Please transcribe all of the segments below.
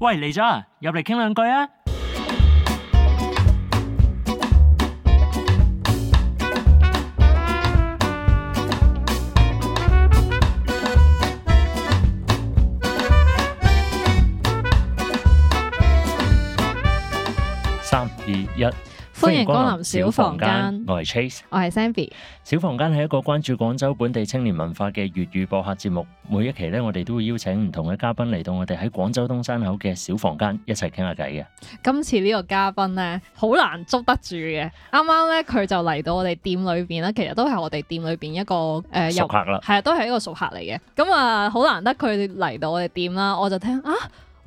喂，嚟咗啊，入嚟傾兩句啊！三、二、一。歡迎光臨小房間，我係 Trace，我係 Zenbi。小房間係一個關注廣州本地青年文化嘅粵語播客節目，每一期咧我哋都會邀請唔同嘅嘉賓嚟到，我哋喺廣州東山口嘅小房間一齊傾下偈嘅。今次呢個嘉賓咧好難捉得住嘅，啱啱咧佢就嚟到我哋店裏邊啦，其實都係我哋店裏邊一個誒、呃、熟客啦，係啊，都係一個熟客嚟嘅。咁啊，好、呃、難得佢嚟到我哋店啦，我就聽啊。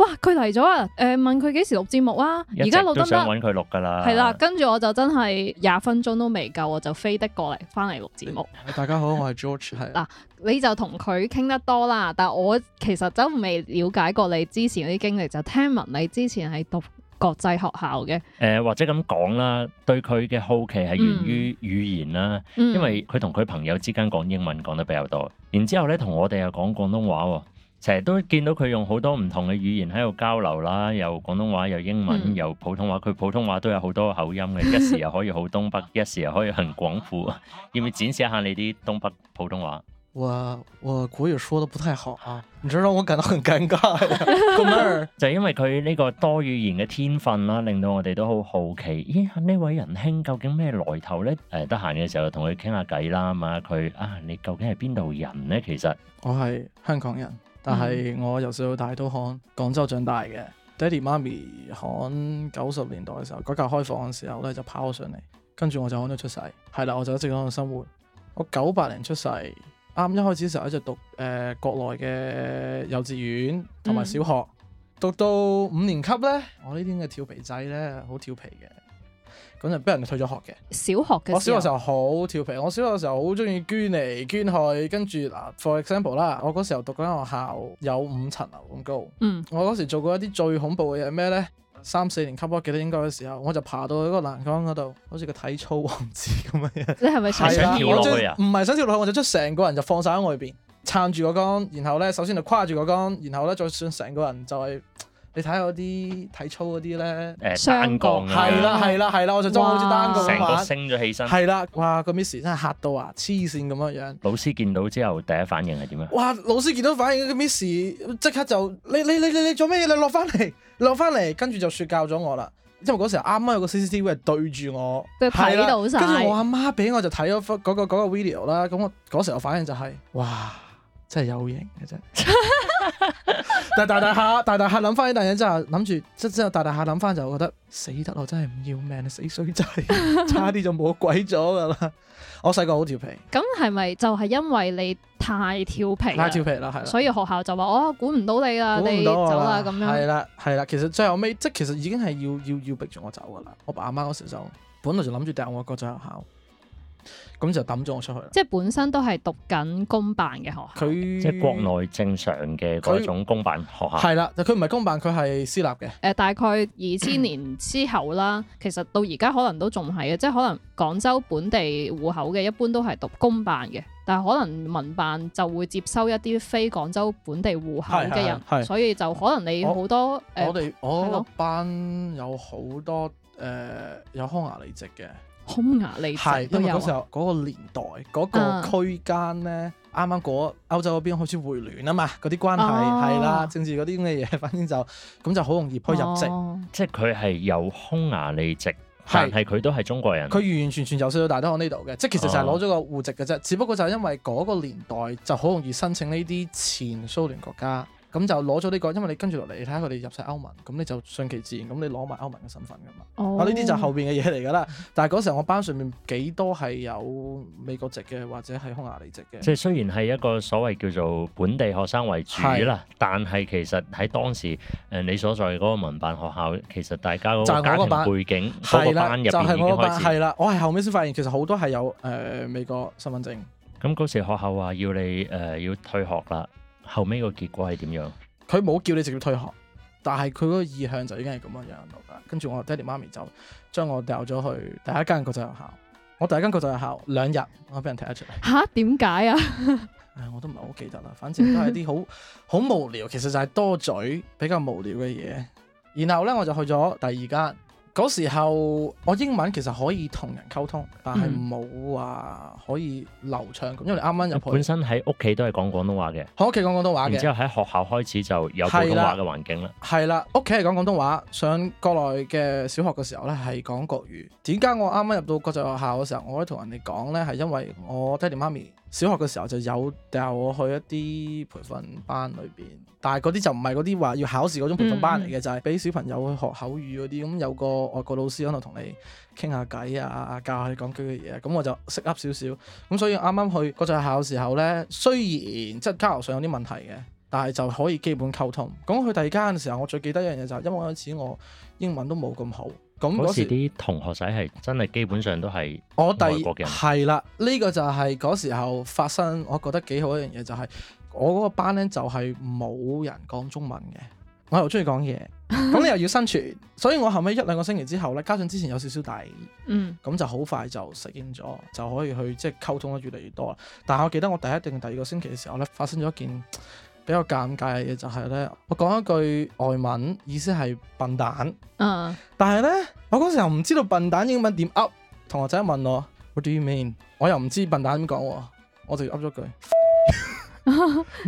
哇！佢嚟咗啊！誒、呃，問佢幾時錄節目啊？而家一直 錄得唔得？想揾佢錄㗎啦。係啦，跟住我就真係廿分鐘都未夠，我就飛的過嚟翻嚟錄節目。大家好，我係 George。係嗱 你就同佢傾得多啦。但我其實就未了解過你之前嗰啲經歷，就聽聞你之前係讀國際學校嘅。誒、呃，或者咁講啦，對佢嘅好奇係源於語言啦、啊，嗯嗯、因為佢同佢朋友之間講英文講得比較多，然之後咧同我哋又講廣東話喎。成日都見到佢用好多唔同嘅語言喺度交流啦，又廣東話，又英文，又普通話。佢普通話都有好多口音嘅，一時又可以好東北，一時又可以很廣府。要唔要展示一下你啲東北普通話？我我國語說得不太好啊，你知。讓我感到很尷尬。就因為佢呢個多語言嘅天分啦，令到我哋都好好奇，咦？呢位仁兄究竟咩來頭呢？誒，得閒嘅時候同佢傾下偈啦，問佢啊，你究竟係邊度人呢？其實我係香港人。但係我由小到大都喺廣州長大嘅，爹哋媽咪喺九十年代嘅時候，改、那、革、個、開放嘅時候咧就跑上嚟，跟住我就喺度出世。係啦，我就一直咁樣生活。我九八年出世，啱一開始嘅時候一直讀誒、呃、國內嘅幼稚園同埋小學，嗯、讀到五年級咧，我呢啲嘅調皮仔呢，好調皮嘅。本嚟俾人退咗學嘅。小學嘅，我小學時候好調皮，我小學時候好中意捐嚟捐去。跟住嗱，for example 啦，我嗰時候讀嗰間學校有五層樓咁高。嗯。我嗰時做過一啲最恐怖嘅嘢係咩咧？三四年級，我記得應該嘅時候，我就爬到去個欄杆嗰度，好似個體操王子咁樣樣子。你係咪想跳落去啊？唔係想跳落去，我就將成個人就放晒喺外邊撐住個杆，然後咧首先就跨住個杆，然後咧再算成個人就係、是。你睇下我啲體操嗰啲咧，誒單槓，係啦係啦係啦，我就裝好啲單槓，成個升咗起身，係啦，哇個 Miss 真係嚇到啊，黐線咁嘅樣。老師見到之後第一反應係點啊？哇！老師見到反應，個 Miss 即刻就你你你你你做咩嘢？你落翻嚟，落翻嚟，跟住就説教咗我啦。因為嗰時候啱啱有個 CCTV 係對住我，佢睇到曬。跟住我阿媽俾我就睇咗幅嗰個嗰個 video 啦。咁我嗰時候反應就係哇。真係有型嘅啫。 但係大大下，大大下諗翻呢單嘢之後諗住，之後大大下諗翻就覺得死得我真係唔要命，死衰仔，差啲就冇鬼咗噶啦！我細個好調皮。咁係咪就係因為你太調皮？太調皮啦，係所以學校就話我管唔到你啦，你走啦咁樣。係啦，係啦，其實最後尾即其實已經係要要要逼住我走噶啦，我爸阿媽嗰時就本來就諗住掟我一個走學校。咁就抌咗我出去啦。即係本身都係讀緊公辦嘅學校。佢他即係國內正常嘅嗰種公辦學校。係啦，但佢唔係公辦，佢係私立嘅。誒、呃，大概二千年之後啦， 其實到而家可能都仲係嘅，即係可能廣州本地戶口嘅一般都係讀公辦嘅，但係可能民辦就會接收一啲非廣州本地戶口嘅人，是是是是是所以就可能你好、哦、多誒、哦呃，我哋我班、嗯、有好多誒、呃、有康雅離籍嘅。匈牙利籍，啊、因為嗰時候嗰、嗰個年代嗰、嗰個區間咧，啱啱嗰歐洲嗰邊開始回聯啊嘛，嗰啲關係係、uh, 啦，政治嗰啲咁嘅嘢，反正就咁就好容易可以入籍，uh, 即係佢係有匈牙利籍，但係佢都係中國人，佢完完全全由細到大都喺呢度嘅，即係其實就係攞咗個戶籍嘅啫，uh, 只不過就因為嗰個年代就好容易申請呢啲前蘇聯國家。咁、嗯、就攞咗呢個，因為你跟住落嚟，你睇下佢哋入晒歐盟，咁你就順其自然，咁你攞埋歐盟嘅身份噶嘛。哦，呢啲就後邊嘅嘢嚟噶啦。但係嗰時候我班上面幾多係有美國籍嘅，或者係匈牙利籍嘅。即係雖然係一個所謂叫做本地學生為主啦，是但係其實喺當時誒、呃、你所在嗰個民辦學校，其實大家嗰個家庭背景，嗰個班入邊已經開始係啦。我係後面先發現，其實好多係有誒、呃、美國身份證。咁嗰時學校話要你誒、呃呃、要退學啦。後尾個結果係點樣？佢冇叫你直接退學，但係佢嗰個意向就已經係咁樣。跟住我爹哋媽咪就將我掉咗去第一間國際學校。我第一間國際學校兩日，兩我俾人踢咗出嚟。吓？點解啊？ 唉，我都唔係好記得啦。反正都係啲好好無聊，其實就係多嘴比較無聊嘅嘢。然後咧，我就去咗第二間。嗰時候，我英文其實可以同人溝通，但係冇話可以流暢咁。因為啱啱入去，本身喺屋企都係講廣東話嘅，喺屋企講廣東話嘅，然之後喺學校開始就有普通話嘅環境啦。係啦，屋企係講廣東話，上國內嘅小學嘅時候咧係講國語。點解我啱啱入到國際學校嘅時候，我可以同人哋講咧？係因為我爹哋媽咪。小學嘅時候就有帶我去一啲培訓班裏邊，但係嗰啲就唔係嗰啲話要考試嗰種培訓班嚟嘅，嗯、就係俾小朋友去學口語嗰啲，咁有個外國老師喺度同你傾下偈啊，教下你講幾句嘢，咁我就識噏少少。咁所以啱啱去國際學校嘅時候呢，雖然即係交流上有啲問題嘅，但係就可以基本溝通。咁去第二間嘅時候，我最記得一樣嘢就係，因為我開始我英文都冇咁好。嗰時啲同學仔係真係基本上都係外國嘅人，係啦，呢、這個就係嗰時候發生我覺得幾好一樣嘢，就係、是、我嗰個班呢，就係冇人講中文嘅，我又中意講嘢，咁你又要生存， 所以我後尾一兩個星期之後呢，加上之前有少少大，咁、嗯、就好快就適應咗，就可以去即係、就是、溝通得越嚟越多啦。但係我記得我第一定第二個星期嘅時候呢，發生咗一件比較尷尬嘅嘢就係咧，我講一句外文，意思係笨蛋。嗯，uh. 但係咧，我嗰時候唔知道笨蛋英文點噏，同學仔問我 What do you mean？我又唔知笨蛋點講，我就噏咗句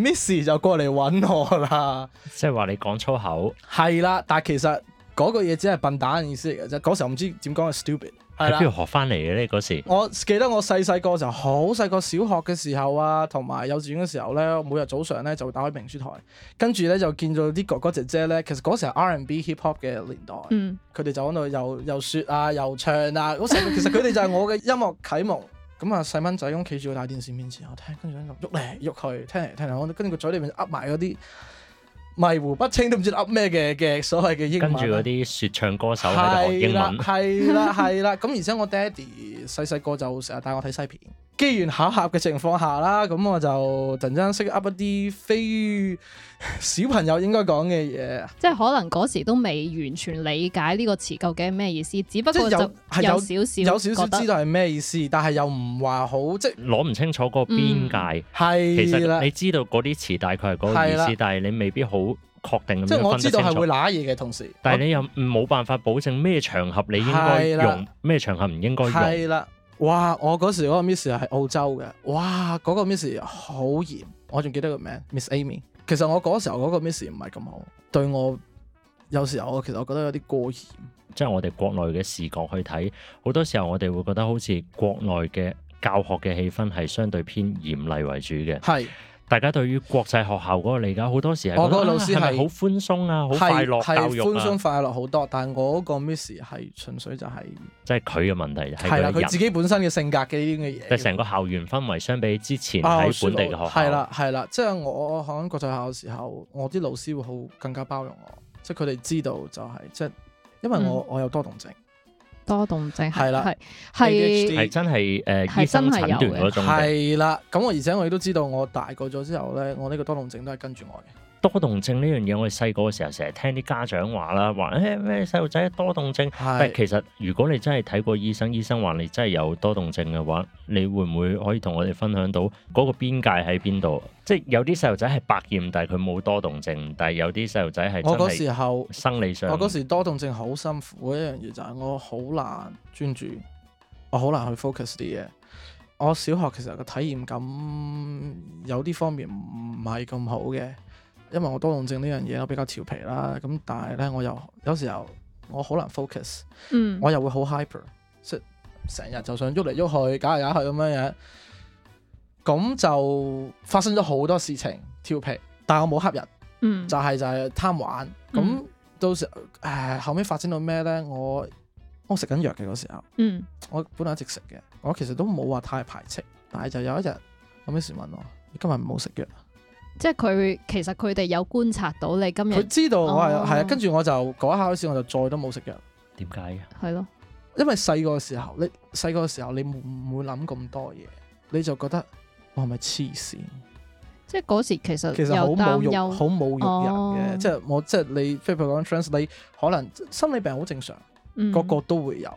，Missy 就過嚟揾我啦。即係話你講粗口，係啦， 但係其實嗰句嘢只係笨蛋嘅意思嚟嘅啫。嗰時候唔知點講係 stupid。係啦，邊度學翻嚟嘅咧？嗰時 我記得我細細個就好細個，小，小學嘅時候啊，同埋幼稚園嘅時候咧，每日早上咧就打開明珠台，跟住咧就見到啲哥哥姐姐咧。其實嗰時係 R and B Hip、Hip Hop 嘅年代，佢哋、嗯、就喺度又又說啊，又唱啊。其實佢哋就係我嘅音樂啟蒙。咁啊，細蚊仔咁企住個大電視面前，我聽，跟住喺度喐嚟喐去，聽嚟聽嚟，我跟住個嘴裏面噏埋嗰啲迷糊不清，都唔知噏咩嘅嘅所謂嘅英文，跟住嗰啲説唱歌手喺度學英文。係啦係啦，咁而且我爹哋細細個就成日帶我睇西片，機緣巧合嘅情況下啦，咁我就突然之間識噏一啲非小朋友應該講嘅嘢，即係可能嗰時都未完全理解呢個詞究竟係咩意思，只不過就有有少少有少少知道係咩意思，但係又唔話好，即係攞唔清楚個邊界。係，其實你知道嗰啲詞大概係嗰個意思，但係你未必好確定。即係我知道係會揦嘢嘅同時，但係你又冇辦法保證咩場合你應該用，咩場合唔應該用。係啦，哇！我嗰時嗰個 Miss 係澳洲嘅，哇！嗰個 Miss 好嚴，我仲記得個名 Miss Amy。其實我嗰時候嗰個 miss 唔係咁好，對我有時候我其實我覺得有啲過嚴。即係我哋國內嘅視角去睇，好多時候我哋會覺得好似國內嘅教學嘅氣氛係相對偏嚴厲為主嘅。係。大家對於國際學校嗰、那個嚟講，好多時係我個老師係好、啊、寬鬆啊，好是快樂教育啊。係寬鬆快樂好多，但係我嗰個 miss 係純粹就係、是、即係佢嘅問題係啦，佢自己本身嘅性格嘅啲嘅嘢。成個校園氛圍相比之前喺本地學校係啦係啦，即係、啊、我響國際學校嘅時候，我啲老師會好更加包容我，即係佢哋知道就係、是、即係因為我我有多動症。嗯。多動症係啦，係係真係誒、呃、是醫生診斷嗰種。係啦，咁我而且我亦都知道我，我大個咗之後咧，我呢個多動症都係跟住我嘅。.多動症呢樣嘢，我哋細個嘅時候成日聽啲家長話啦，話誒咩，細路仔多動症，是但係其實如果你真係睇過醫生，醫生話你真係有多動症嘅話，你會唔會可以同我哋分享到嗰個邊界喺邊度？即係有啲細路仔係百厭，但係佢冇多動症，但係有啲細路仔係我嗰時候生理上，我嗰時，我嗰時多動症好辛苦嘅，一樣嘢就係我好難專注，我好難去 focus 啲嘢。我小學其實個體驗感有啲方面唔係咁好嘅。因為我多動症呢樣嘢，我比較調皮啦，咁但係呢，我又有時候我好難 focus，、嗯、我又會好 hyper，成日就想喐嚟喐去，搞嚟搞去咁樣嘢，咁就發生咗好多事情，調皮，但係我冇恰人，嗯、就係、是、就係、是、貪玩。咁、嗯、到時誒後尾發展到咩呢？我我食緊藥嘅嗰時候，嗯、我本來一直食嘅，我其實都冇話太排斥，但係就有一日，時問有咩市民我你今日唔好食藥。即係佢，其實佢哋有觀察到你今日。佢知道我係係啊，跟住、oh. 我就嗰下嗰時我就再都冇食藥。點解嘅？係咯的，因為細個時，時候你細個時候你唔會諗咁多嘢，你就覺得我係咪黐線？即係嗰時其實其實好侮辱，好侮辱人嘅。即係我即係你 f a c e b 可能心理病好正常，個、mm. 個都會有。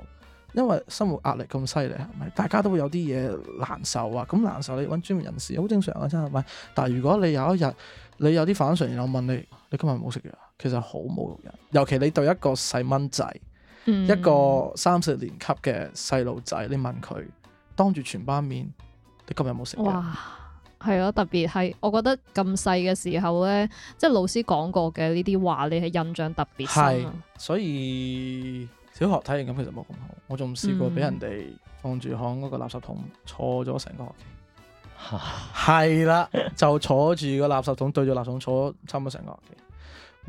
因為生活壓力咁犀利，係咪？大家都會有啲嘢難受啊，咁難受你揾專業人士好正常啊，真係咪？但係如果你有一日你有啲反常，然後問你，你今日冇食藥，其實好侮辱人。尤其你對一個細蚊仔，嗯、一個三四年級嘅細路仔，你問佢當住全班面，你今日冇食藥。哇，係啊，特別係我覺得咁細嘅時候呢，即係老師講過嘅呢啲話，你係印象特別深。係，所以。小學體驗咁其實冇咁好，我仲試過俾人哋放住響嗰個垃圾桶坐咗成個學期。係啦，就坐住個垃圾桶對住垃圾桶坐差唔多成個學期。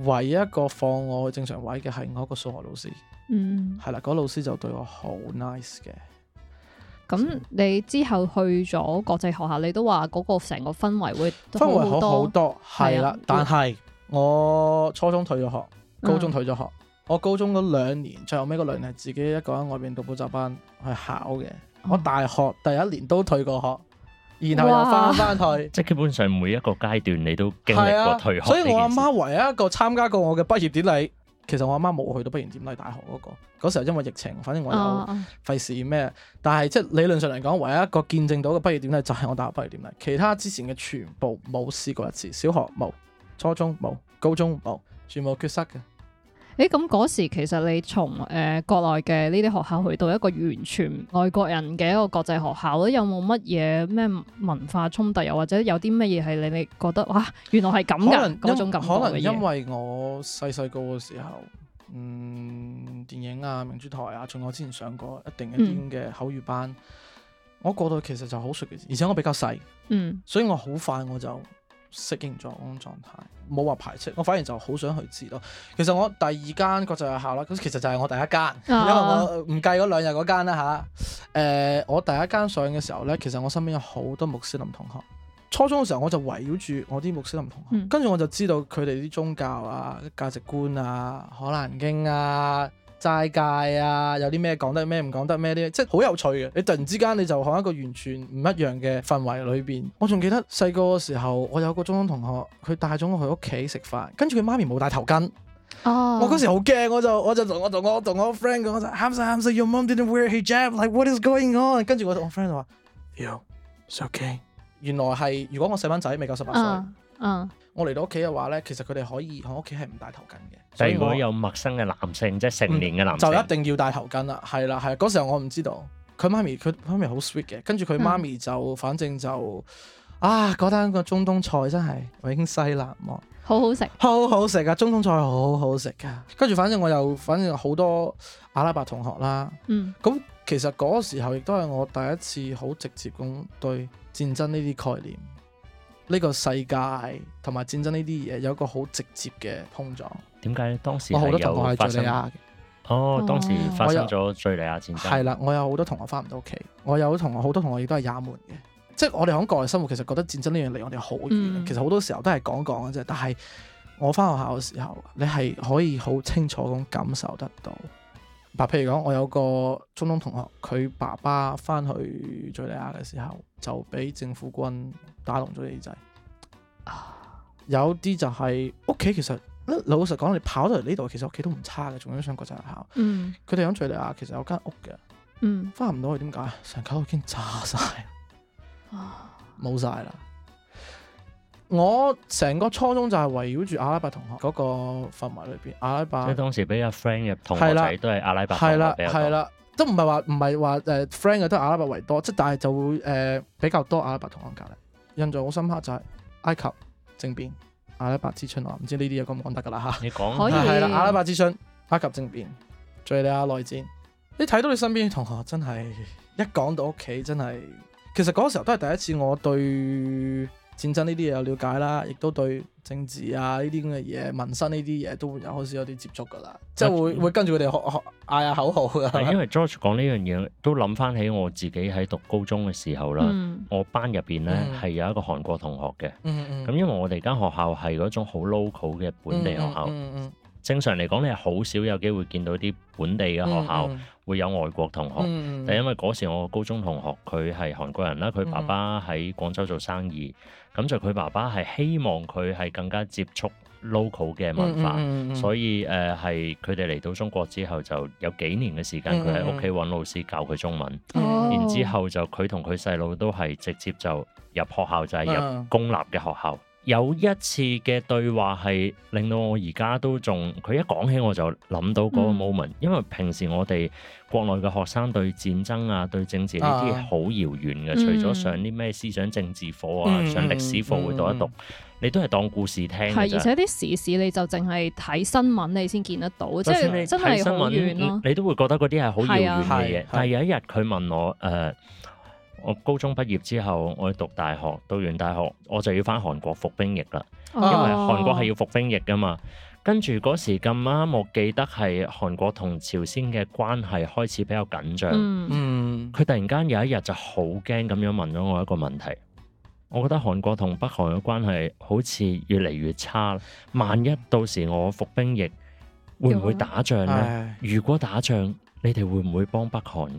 唯一一個放我去正常位嘅係我一個數學老師。嗯，係啦，嗰個老師就對我好 nice 嘅。咁、嗯、係啦，你之後去咗國際學校，你都話嗰個成個氛圍會氛圍好好多。係啦，係啦，但係我初中退咗學，嗯、高中退咗學。我高中嗰兩年，最後尾嗰兩年係自己一個喺外邊讀補習班去考嘅。嗯、我大學第一年都退過學，然後又翻翻去。即係哇 基本上每一個階段你都經歷過退學、啊。所以我阿媽唯一一個參加過我嘅畢業典禮，其實我阿媽冇去到畢業典禮大學嗰、嗰個嗰時候，因為疫情，反正我有費事咩。但係即係理論上嚟講，唯一一個見證到嘅畢業典禮就係我大學畢業典禮，其他之前嘅全部冇試過一次，小學冇，初中冇，高中冇，全部缺失嘅。誒咁嗰時其實你從誒、呃、國內嘅呢啲學校去到一個完全外國人嘅一個國際學校咧，有冇乜嘢咩文化衝突又，又或者有啲乜嘢係令你覺得哇，原來係咁嘅嗰種感覺？可能因為我細細個嘅時候，嗯，電影啊、明珠台啊，仲我之前上過一定一啲嘅口語班，嗯、我過到其實就好熟嘅，而且我比較細，嗯，所以我好快我就適應狀狀態，冇話排斥，我反而就好想去知咯。其實我第二間國際學校啦，咁其實就係我第一間，oh. 因為我唔計嗰兩日嗰間啦吓。誒、啊，我第一間上嘅時候呢，其實我身邊有好多穆斯林同學。初中嘅時候，我就圍繞住我啲穆斯林同學，跟住、mm. 我就知道佢哋啲宗教啊、價值觀啊、可蘭經啊。齋戒啊，有啲咩講得咩唔講得咩啲，即係好有趣嘅。你突然之間你就喺一個完全唔一樣嘅氛圍裏邊。我仲記得細個嘅時候，我有個中中同學，佢帶咗我去屋企食飯，跟住佢媽咪冇戴頭巾。哦，oh. 我嗰時好驚，我就我就同我同我同我 friend 講，我就喊聲喊聲，Your mom didn't wear hijab，like what is going on？跟住我同 friend 就話，Yo，it's okay。原來係如果我細蚊仔未夠十八歲，歲 uh, uh. 我嚟到屋企嘅話咧，其實佢哋可以喺屋企係唔戴頭巾嘅。如果有陌生嘅男性，即係成年嘅男性，就一定要戴頭巾啦。係啦，係嗰時候我唔知道佢媽咪，佢媽咪好 sweet 嘅。跟住佢媽咪就，嗯、反正就啊，覺得個中東菜真係永世難忘，好好食，好好食啊！中東菜好好食噶。跟住，反正我又，反正好多阿拉伯同學啦。嗯，咁其實嗰個時候亦都係我第一次好直接咁對戰爭呢啲概念，呢個世界同埋戰爭呢啲嘢有一個好直接嘅碰撞。點解咧？當時係有發生，我有好多同學係叙利亞哦，當時發生咗敘利亞戰爭。係啦，嗯，我有好多同學翻唔到屋企，我有同學，好多同學亦都係也門嘅。即係我哋喺國外生活，其實覺得戰爭呢樣嘢離我哋好遠。嗯，其實好多時候都係講講嘅啫。但係我翻學校嘅時候，你係可以好清楚咁感受得到。嗱，譬如講，我有個中東同學，佢爸爸翻去敘利亞嘅時候，就俾政府軍打聾咗耳仔。啊！有啲就係屋企，其實。老實講，你跑到嚟呢度，其實屋企都唔差嘅，仲有想上國際學校。嗯。佢哋響敍利亞其實有間屋嘅。嗯。翻唔到去點解？成間屋已經炸晒，啊！冇晒啦。我成個初中就係圍繞住阿拉伯同學嗰個範圍裏邊。阿拉伯。即係當時比較 friend 嘅同學仔啦都係阿拉伯。係啦，係啦，都唔係話唔係話誒 friend 嘅都係阿拉伯為多，即但係就會誒、呃、比較多阿拉伯同學隔籬。印象好深刻就係埃及政變。阿拉伯之春，我唔知呢啲嘢講唔講得噶啦吓。你說 可以。係啦、啊，阿拉伯之春、埃及政變、敍利亞內戰，你睇到你身邊同學真係一講到屋企真係，其實嗰時候都係第一次我對戰爭呢啲嘢有了解啦，亦都對政治啊呢啲咁嘅嘢、民生呢啲嘢都會有好少有啲接觸噶啦，啊、即係會會跟住佢哋學學嗌下口號噶。因為 George 講呢樣嘢，都諗翻起我自己喺讀高中嘅時候啦。嗯、我班入邊咧係有一個韓國同學嘅。咁、嗯嗯、因為我哋間學校係嗰種好 local 嘅本地學校，嗯嗯嗯、正常嚟講你係好少有機會見到啲本地嘅學校會有外國同學。嗯嗯、但係因為嗰時我高中同學佢係韓國人啦，佢爸爸喺廣州做生意。咁就佢爸爸係希望佢係更加接觸 local 嘅文化，嗯嗯嗯、所以誒係佢哋嚟到中國之後就有幾年嘅時間，佢喺屋企揾老師教佢中文，嗯嗯、然之後就佢同佢細佬都係直接就入學校就係、係、入公立嘅學校。嗯嗯有一次嘅對話係令到我而家都仲佢一講起我就諗到嗰個 moment，嗯、因為平時我哋國內嘅學生對戰爭啊、對政治呢啲好遙遠嘅，嗯、除咗上啲咩思想政治課啊、上、嗯、歷史課會讀一讀，嗯嗯、你都係當故事聽而。而且啲時事你就淨係睇新聞你先見得到，即係使真係、啊、新聞你都會覺得嗰啲係好遙遠嘅嘢，但係有一日佢問我誒。呃呃我高中畢業之後，我要讀大學，讀完大學我就要翻韓國服兵役啦，哦、因為韓國係要服兵役噶嘛。跟住嗰時咁啱，我記得係韓國同朝鮮嘅關係開始比較緊張。嗯，佢突然間有一日就好驚咁樣問咗我一個問題，我覺得韓國同北韓嘅關係好似越嚟越差，萬一到時我服兵役會唔會打仗呢？嗯、如果打仗，你哋會唔會幫北韓？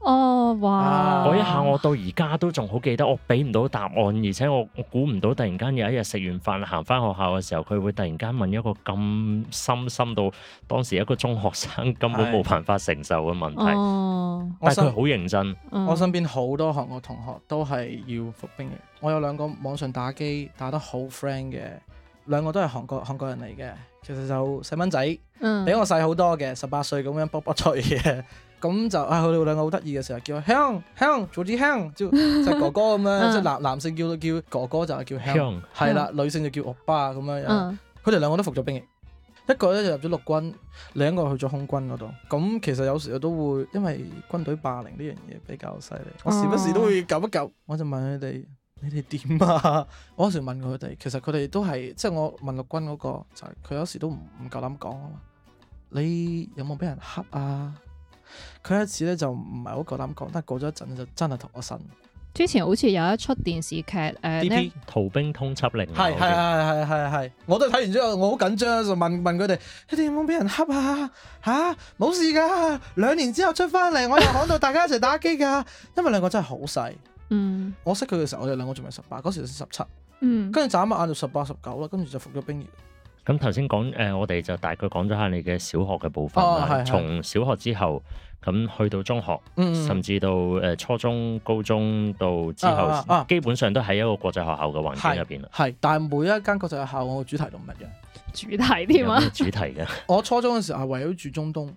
哦，哇！Oh, wow. 我一下我到而家都仲好記得，我俾唔到答案，而且我估唔到突然間有一日食完飯行翻學校嘅時候，佢會突然間問一個咁深深到當時一個中學生根本冇辦法承受嘅問題。Oh. 但係佢好認真。我身邊好多韓國同學都係要服兵役。我有兩個網上打機打得好 friend 嘅，兩個都係韓國韓國人嚟嘅。其實就細蚊仔，比我細好多嘅，十八歲咁樣卜卜脆嘅。步步咁就啊，佢哋兩個好得意嘅時候，叫香香，做支香，即係哥哥咁樣， 即係男 男性都叫叫哥哥就係叫香，係啦，女性就叫阿爸咁樣。佢哋 兩個都服咗兵役，一個咧就入咗陸軍，另一個去咗空軍嗰度。咁其實有時我都會，因為軍隊霸凌呢樣嘢比較犀利，我時不時都會救一救，我就問佢哋，你哋點啊？ 我嗰時問佢哋，其實佢哋都係，即係我問陸軍嗰個就係，佢有時都唔唔夠膽講。你有冇俾人恰啊？佢一次咧就唔係好夠膽講，但係過咗一陣就真係同我呻。之前好似有一出電視劇，誒，DB, uh, 逃兵通緝令，係係係係係係，我都睇完之後，我好緊張就問問佢哋，你哋有冇俾人恰啊？吓、啊，冇事噶，兩年之後出翻嚟，我又講到大家一齊打機噶， 因為兩個真係好細，嗯，我識佢嘅時候，我哋兩個仲未十八，嗰時先十七，嗯，跟住眨下眼就十八十九啦，跟住就服咗兵役。咁頭先講誒，我哋就大概講咗下你嘅小學嘅部分啦。從、哦、小學之後，咁去到中學，嗯、甚至到誒、呃、初中、高中到之後，啊啊、基本上都喺一個國際學校嘅環境入邊係，但係每一間國際學校，我主題都唔一樣，主題添啊，主題嘅。 我初中嘅時候係圍繞住中東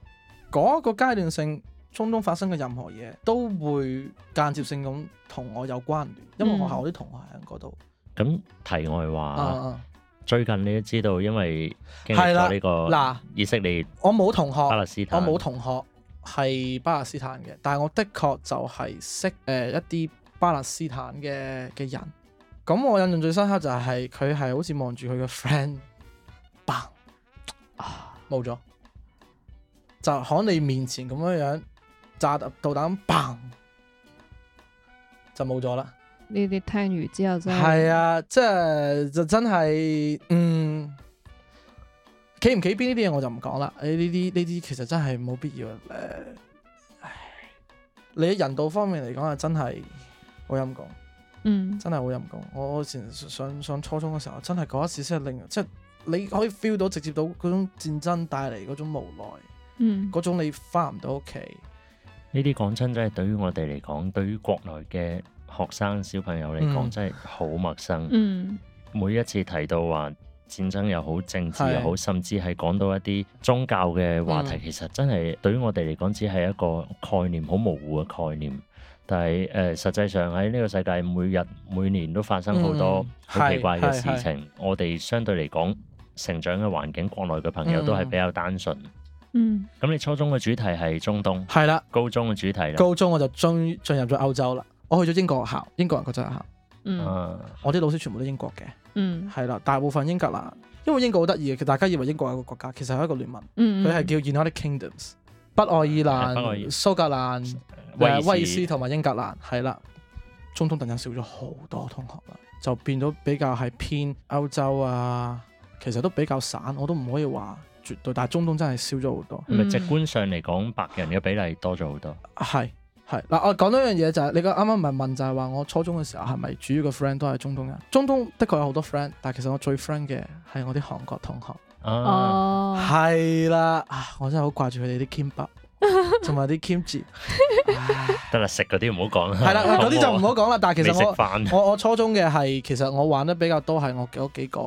嗰一、嗰個階段性，中東發生嘅任何嘢都會間接性咁同我有關聯，因為學校啲同學喺嗰度。咁、嗯、題外話。嗯最近你都知道，因為經歷咗呢個以色列，我冇同學，我冇同學係巴勒斯坦嘅，但係我的確就係識誒一啲巴勒斯坦嘅、嘅、呃、人。咁我印象最深刻就係佢係好似望住佢嘅 friend，嘭，啊，冇咗，就喺你面前咁樣樣炸導彈，嘭，就冇咗啦。呢啲聽完之後，就係，係啊，即係就真係，嗯，企唔企邊呢啲嘢我就唔講啦。誒、哎，呢啲呢啲其實真係冇必要誒。你喺人道方面嚟講啊，真係好陰功，嗯，真係好陰功。我以前上上初中嘅時候，真係嗰一次先係令，即、就、係、是、你可以 feel 到直接到嗰種戰爭帶嚟嗰種無奈，嗰、嗯、種你翻唔到屋企。呢啲講真真係對於我哋嚟講，對於國內嘅學生小朋友嚟講真係好陌生，每一次提到話戰爭又好，政治又好，甚至係講到一啲宗教嘅話題，其實真係對於我哋嚟講，只係一個概念好模糊嘅概念。但係誒，實際上喺呢個世界，每日每年都發生好多好奇怪嘅事情。我哋相對嚟講，成長嘅環境，國內嘅朋友都係比較單純。嗯，咁你初中嘅主題係中東，係啦，高中嘅主題啦，高中我就終於進入咗歐洲啦。我去咗英國學校，英國人嘅國際學校。嗯，我啲老師全部都英國嘅。嗯，係啦，大部分英格蘭，因為英國好得意嘅，其大家以為英國係一個國家，其實係一個聯盟。佢係、嗯、叫 United Kingdoms，北愛爾蘭、蘇外格蘭、誒威爾斯同埋英格蘭，係啦。中東突然少咗好多同學啦，就變咗比較係偏歐洲啊，其實都比較散，我都唔可以話絕對。但係中東真係少咗好多。咪、嗯、直觀上嚟講，白人嘅比例多咗好多。係、嗯。係嗱、啊，我講到樣嘢，就係、是、你個啱啱唔係問，就係、是、話我初中嘅時候係咪主要個 friend 都係中東人？中東的確有好多 friend，但係其實我最 friend 嘅係我啲韓國同學。哦、啊，係啦，我真係好掛住佢哋啲 kimbap 同埋啲 Kimchi。得 啦，食嗰啲唔好講啦。係啦，嗰啲就唔好講啦。但係其實我我我初中嘅，係其實我玩得比較多係我嗰幾個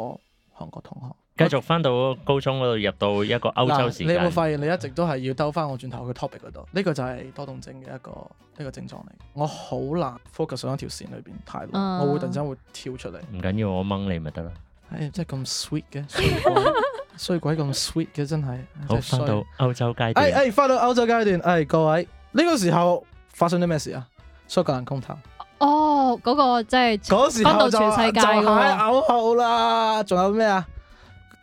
韓國同學。繼續翻到高中嗰度，入到一個歐洲時間。你有冇發現你一直都係要兜翻我轉頭去 topic 嗰度？呢、這個就係多動症嘅一個一個症狀嚟。我好難 focus 上一條線裏邊，太亂，嗯、我會突然間會跳出嚟。唔緊要，我掹你咪得啦。哎，真係咁 sweet 嘅衰鬼，咁 sweet 嘅真係。好，翻到歐洲階段，哎，翻到歐洲階段，哎，各位呢、這個時候發生啲咩事啊？蘇格蘭公投。哦，嗰、那個即係嗰時到全世界嘅口號啦，仲有咩啊？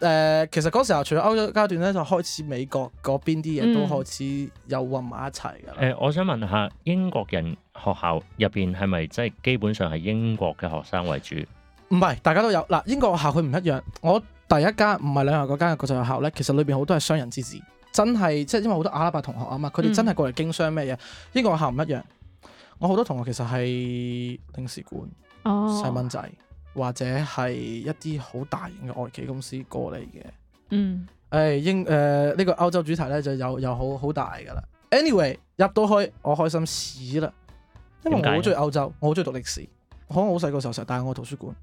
誒、呃，其實嗰時候除咗歐洲階段咧，就開始美國嗰邊啲嘢都開始有混埋一齊噶啦。誒、嗯呃，我想問下英國人學校入邊係咪即係基本上係英國嘅學生為主？唔係，大家都有嗱。英國學校佢唔一樣，我第一間唔係兩校嗰間嘅國際學校咧，其實裏邊好多係商人之子，真係即係因為好多阿拉伯同學啊嘛，佢哋真係過嚟經商咩嘢？嗯、英國學校唔一樣，我好多同學其實係領事館細蚊仔。或者係一啲好大型嘅外企公司過嚟嘅，嗯，誒、哎、英誒呢、呃呢個歐洲主題呢，就有又好好大㗎啦。Anyway，入到去我開心死啦，因為我好中意歐洲，我好中意讀歷史。可能我好細個時候成日帶我去圖書館。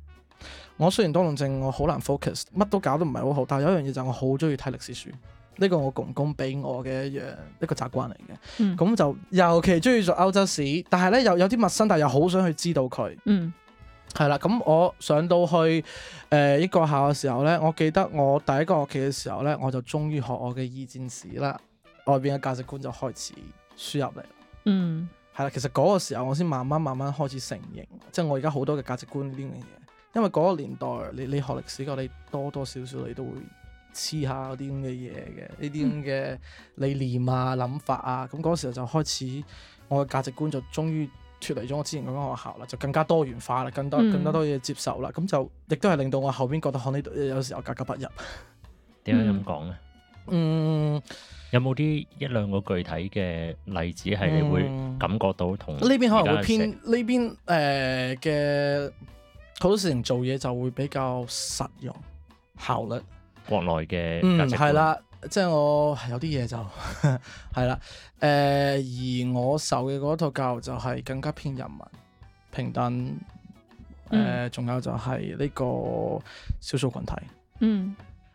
我雖然多動症，我好難 focus，乜都搞得唔係好好，但係有一樣嘢就係我好中意睇歷史書，呢、呢個我公公俾我嘅一樣一個習慣嚟嘅。咁、嗯、就尤其中意做歐洲史，但係呢，又有啲陌生，但係又好想去知道佢。嗯。係啦，咁我上到去誒、呃、一個校嘅時候呢，我記得我第一個學期嘅時候呢，我就終於學我嘅二戰史啦，外邊嘅價值觀就開始輸入嚟。嗯，係啦，其實嗰個時候我先慢慢慢慢開始承認，即係我而家好多嘅價值觀呢啲嘅嘢，因為嗰個年代你你學歷史嘅，你多多少少你都會黐下嗰啲咁嘅嘢嘅，呢啲咁嘅理念啊、諗法啊，咁、那、嗰、個、時候就開始我嘅價值觀就終於。脫離咗我之前嗰間學校啦，就更加多元化啦，更多更多多嘢接受啦，咁、嗯、就亦都係令到我後邊覺得可能有時候格格不入。點解咁講呢？嗯，有冇啲一兩個具體嘅例子係你會感覺到同呢邊可能會偏呢邊誒嘅好多事情做嘢就會比較實用效率國內嘅，嗯係啦。即係我有啲嘢就係啦，誒、 呃、而我受嘅嗰套教育就係更加偏人民，平等，誒、呃、仲、嗯、有就係呢個少數群體，嗯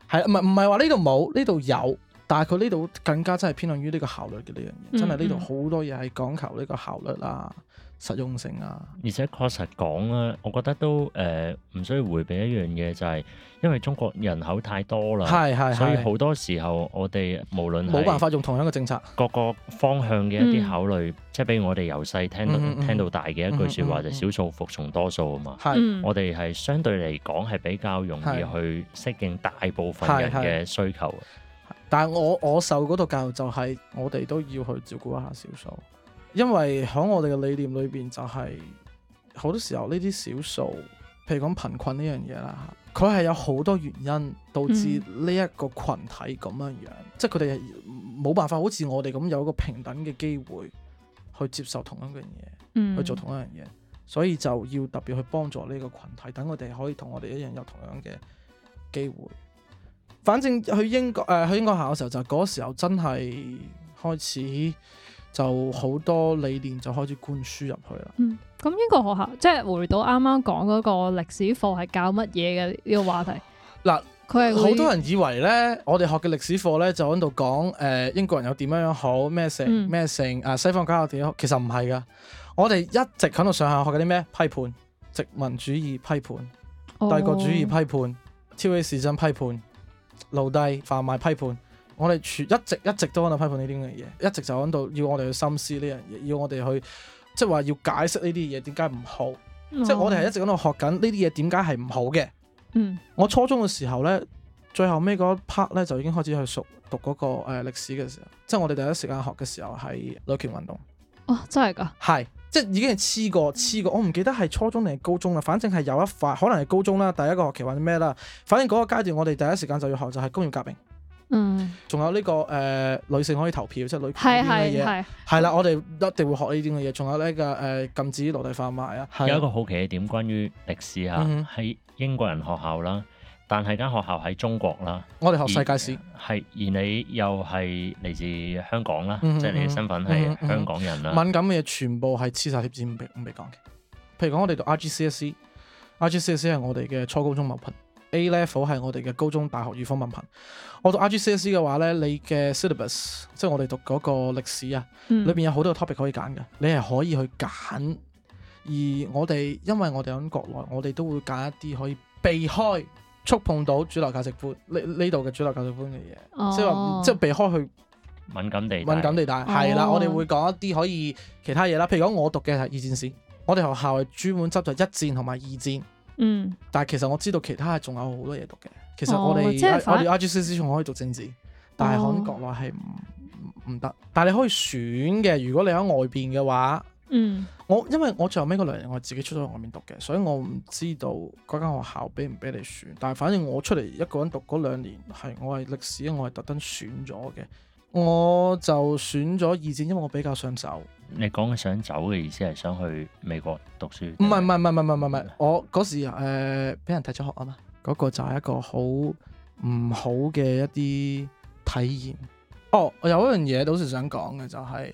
係唔係唔係話呢度冇呢度有，但係佢呢度更加真係偏向於呢個效率嘅呢樣嘢，嗯嗯真係呢度好多嘢係講求呢個效率啦、啊。實用性啊，而且確實講啊，我覺得都誒唔、呃、需要回避一樣嘢，就係、是、因為中國人口太多啦，係係，所以好多時候我哋無論冇辦法用同一個政策，各個方向嘅一啲考慮，即係、嗯、比如我哋由細聽到聽到大嘅一句說話嗯嗯嗯就少數服從多數啊嘛，係，我哋係相對嚟講係比較容易去適應大部分人嘅需求，是是是，但係我我受嗰度教育就係我哋都要去照顧一下少數。因為喺我哋嘅理念裏邊，就係好多時候呢啲少數，譬如講貧困呢樣嘢啦，佢係有好多原因導致呢一個群體咁樣樣，嗯、即係佢哋冇辦法好似我哋咁有一個平等嘅機會去接受同樣嘅嘢，嗯、去做同一樣嘢，所以就要特別去幫助呢個群體，等佢哋可以同我哋一樣有同樣嘅機會。反正去英國誒、呃、去英國校嘅時候，就嗰時候真係開始。就好多理念就開始灌輸入去啦。嗯，咁英國學校即係回到啱啱講嗰個歷史課係教乜嘢嘅呢個話題。嗱喏，佢係好多人以為咧，我哋學嘅歷史課咧就喺度講誒英國人有點樣樣好咩性咩性啊，西方教育點樣，其實唔係噶。我哋一直喺度上下學嘅啲咩批判殖民主義，批判帝國主義批判、哦、挑起戰爭批判奴隸販賣批判。我哋全一直一直都喺度批判呢啲咁嘅嘢，一直就喺度要我哋去深思呢樣嘢，要我哋去即係話要解釋呢啲嘢點解唔好，嗯、即係我哋係一直喺度學緊呢啲嘢點解係唔好嘅。嗯，我初中嘅時候咧，最後尾嗰一 part 咧就已經開始去熟讀嗰、那個誒、呃、歷史嘅時候，即係我哋第一時間學嘅時候係女權運動。哦，真係噶，係即係已經係黐過黐過，過嗯、我唔記得係初中定係高中啦，反正係有一塊可能係高中啦，第一個學期或者咩啦，反正嗰個階段我哋第一時間就要學就係、是、工業革,革命。嗯，仲有呢個誒，女性可以投票，即係女權嗰啲乜嘢，係啦，我哋一定會學呢啲嘅嘢。仲有呢個誒，禁止奴隸販賣啊。有一個好奇嘅點，關於歷史啊，喺英國人學校啦，但係間學校喺中國啦，我哋學世界史係，而你又係嚟自香港啦，即係你嘅身份係香港人啦。敏感嘅嘢全部係黐晒貼紙，唔俾唔俾講嘅。譬如講，我哋讀 IGCSE，IGCSE 係我哋嘅初高中文憑。A level 係我哋嘅高中、大學預科文憑。我讀 IGCSE 嘅話咧，你嘅 Curriculum 即係我哋讀嗰個歷史啊，嗯、裏邊有好多個 topic 可以揀嘅，你係可以去揀。而我哋因為我哋喺國內，我哋都會揀一啲可以避開觸碰到主流價值觀呢呢度嘅主流價值觀嘅嘢、哦，即係話即係避開去敏感地敏感地帶。係啦、哦，我哋會講一啲可以其他嘢啦。譬如講我讀嘅係二戰史，我哋學校係專門執就一戰同埋二戰。嗯，但係其實我知道其他係仲有好多嘢讀嘅。其實我哋我哋 I G C S E 仲可以讀政治，哦、但係喺國內係唔唔得。但係你可以選嘅，如果你喺外邊嘅話。嗯，我因為我最後尾嗰兩年我係自己出咗去外面讀嘅，所以我唔知道嗰間學校俾唔俾你選。但係反正我出嚟一個人讀嗰兩年係我係歷史，我係特登選咗嘅。我就選咗二戰，因為我比較想走。你講嘅想走嘅意思係想去美國讀書？唔係唔係唔係唔係唔係唔係，我嗰時誒俾、呃、人踢咗學啊嘛。嗰、那個就係一個好唔好嘅一啲體驗。哦，我有一樣嘢到時想講嘅就係、是、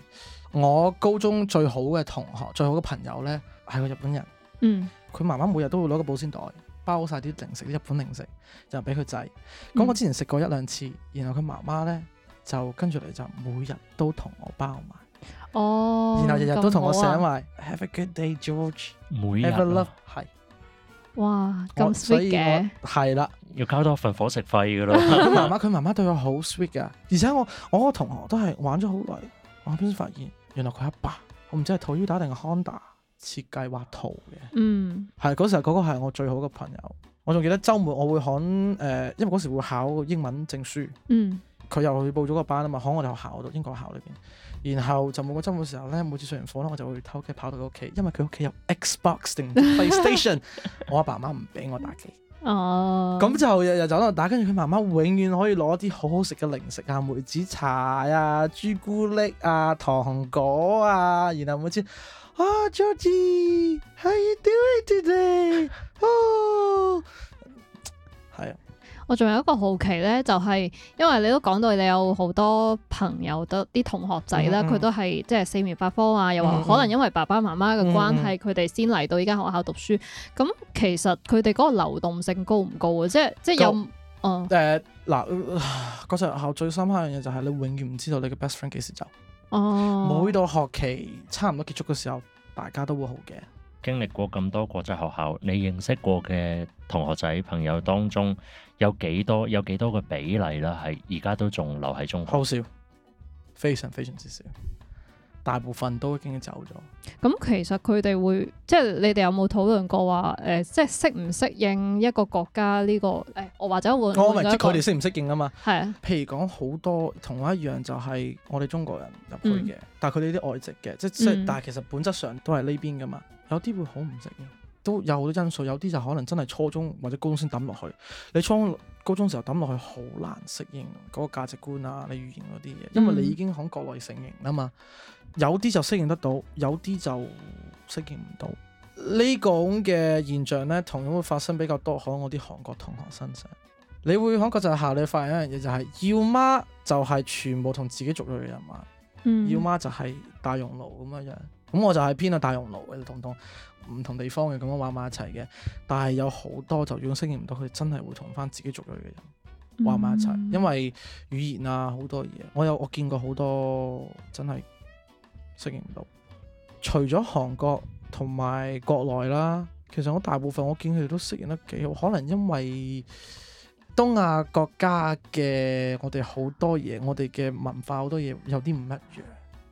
我高中最好嘅同學、最好嘅朋友咧，係個日本人。嗯，佢媽媽每日都會攞個保鮮袋包晒啲零食、日本零食，就俾佢仔。噉、那、我、個、之前食過一兩次，然後佢媽媽咧，就跟住嚟就每日都同我包埋，哦，oh, 然後日日都同我寫埋、啊、Have a good day, George。每日咯、啊，係，哇，咁 sweet 嘅，係啦，要交多份伙食費噶咯。佢媽媽，佢媽媽對我好 sweet 噶，而且我我個同學都係玩咗好耐，我邊先發現，原來佢阿爸、爸，我唔知係 Toyota 定係 Honda 設計畫圖嘅，嗯，係嗰時嗰個係我最好嘅朋友，我仲記得週末我會喊，誒、呃，因為嗰時會考英文證，證書，嗯。佢又去報咗個班啊嘛，可我哋學校嗰度，英國學校裏邊，然後就每個週末時候咧，每次上完課啦，我就會偷偷跑到佢屋企，因為佢屋企有 Xbox 定 PlayStation， 我阿爸媽唔俾我打機，哦，咁就日日走喺度打，跟住佢媽媽永遠可以攞啲好好食嘅零食啊，梅子茶啊，朱古力啊、糖果啊，然後每次啊、oh, Georgie, how you doing today?、Oh 我仲有一個好奇呢，就係、是、因為你都講到你有好多朋友都啲同學仔啦，佢都係即係四面八方啊。又話可能因為爸爸媽媽嘅關係，佢哋、嗯、先嚟到依間學校讀書。咁、嗯、其實佢哋嗰個流動性高唔高啊？即係有嗱，嗰所學校最深刻一樣嘢就係你永遠唔知道你嘅 best friend 幾時走哦。啊、每到學期差唔多結束嘅時候，大家都會好嘅。經歷過咁多國際學校，你認識過嘅同學仔朋友當中，有幾多有幾多個比例啦？係而家都仲留喺中國，好少，非常非常之少，大部分都已經走咗。咁其實佢哋會即係你哋有冇討論過話誒、呃，即係適唔適應一個國家呢、這個誒？我、哎、或者我我明知佢哋適唔適應啊嘛。係啊，譬如講好多同我一樣，就係我哋中國人入去嘅，嗯、但係佢哋啲外籍嘅，即即係、嗯、但係其實本質上都係呢邊噶嘛，有啲會好唔適應。都有好多因素，有啲就可能真係初中或者高中先抌落去。你初中、高中時候抌落去，好難適應嗰個價值觀啊，你語言嗰啲嘢，因為你已經響國內、嗯、成型啊嘛。有啲就適應得到，有啲就適應唔到。呢種嘅現象呢，同樣會發生比較多可能我啲韓國同學身上。你會會響國際學校你發現一樣嘢，就係要麼就係全部同自己族類嘅人玩，要麼、嗯、就係大熔爐咁樣樣。咁、嗯、我就係編啊大熔爐嘅，同同唔同地方嘅咁樣玩埋一齊嘅。但係有好多就如果適應唔到，佢真係會同翻自己族裔嘅人玩埋一齊，嗯、因為語言啊好多嘢。我有我見過好多真係適應唔到。除咗韓國同埋國內啦，其實我大部分我見佢哋都適應得幾好。可能因為東亞國家嘅我哋好多嘢，我哋嘅文化好多嘢有啲唔一樣。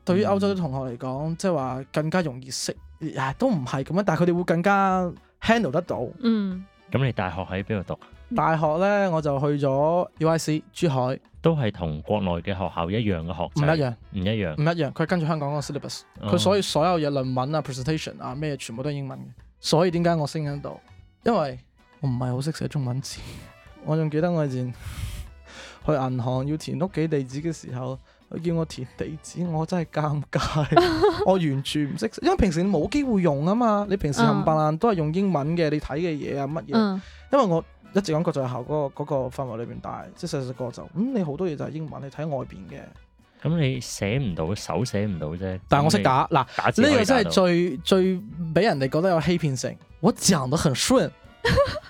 對於歐洲啲同學嚟講，即係話更加容易識，都唔係咁樣，但係佢哋會更加 handle 得到。嗯，咁你大學喺邊度讀？大學咧，我就去咗 UIC 珠海，都係同國內嘅學校一樣嘅學制，唔一樣，唔一樣，唔一樣。佢跟住香港嘅 syllabus，佢所以所有嘢、嗯、論文啊、presentation 啊咩，全部都係英文嘅。所以點解我升響度？因為我唔係好識寫中文字，我仲記得我以前去銀行要填屋企地址嘅時候。佢叫我填地址，我真係尷尬， 我完全唔識，因為平時你冇機會用啊嘛，你平時冚唪唥都係用英文嘅，你睇嘅嘢啊乜嘢，嗯、因為我一直感覺國際學校嗰個嗰、嗰個範圍裏邊大，即係細細個就，咁、嗯、你好多嘢就係英文，你睇外邊嘅，咁、嗯、你寫唔到，手寫唔到啫，但係我識打，嗱呢、嗯、個真係最最俾人哋覺得有欺騙性，我講得很順。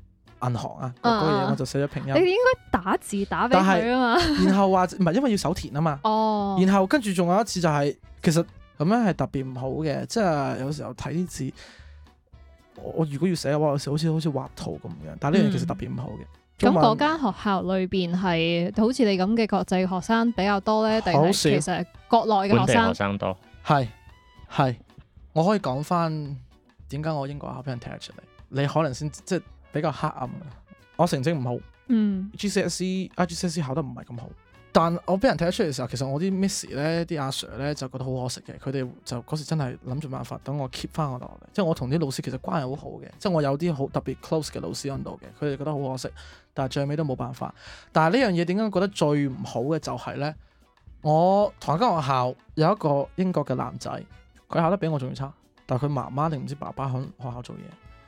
銀行啊，嗰嘢、嗯啊、我就寫咗拼音。你哋應該打字打俾佢啊嘛。然後話唔係因為要手填啊嘛。哦然。然後跟住仲有一次就係、是，其實咁樣係特別唔好嘅，即係有時候睇字我，我如果要寫嘅話，有時好似好似畫圖咁樣。但係呢樣其實特別唔好嘅。咁嗰間學校裏邊係好似你咁嘅國際學生比較多咧，定係像其實國內嘅學，學生多？本地學生多。係係，我可以講翻點解我英國話俾人聽出嚟？你可能先即係。比較黑暗。我成績唔好、嗯、GCSE、IGCSE 考得唔係咁好，但我俾人睇得出嘅時候，其實我啲 miss 咧，啲阿 sir 咧就覺得好可惜嘅。佢哋就嗰時真係諗住辦法等我 keep 翻我落嚟。即係我同啲老師其實關係好好嘅，即係我有啲好特別 close 嘅老師喺度嘅，佢哋覺得好可惜，但係最尾都冇辦法。但係呢樣嘢點解覺得最唔好嘅就係、是、呢：我同一間學校有一個英國嘅男仔，佢考得比我仲要差，但係佢媽媽定唔知爸爸喺學校做嘢，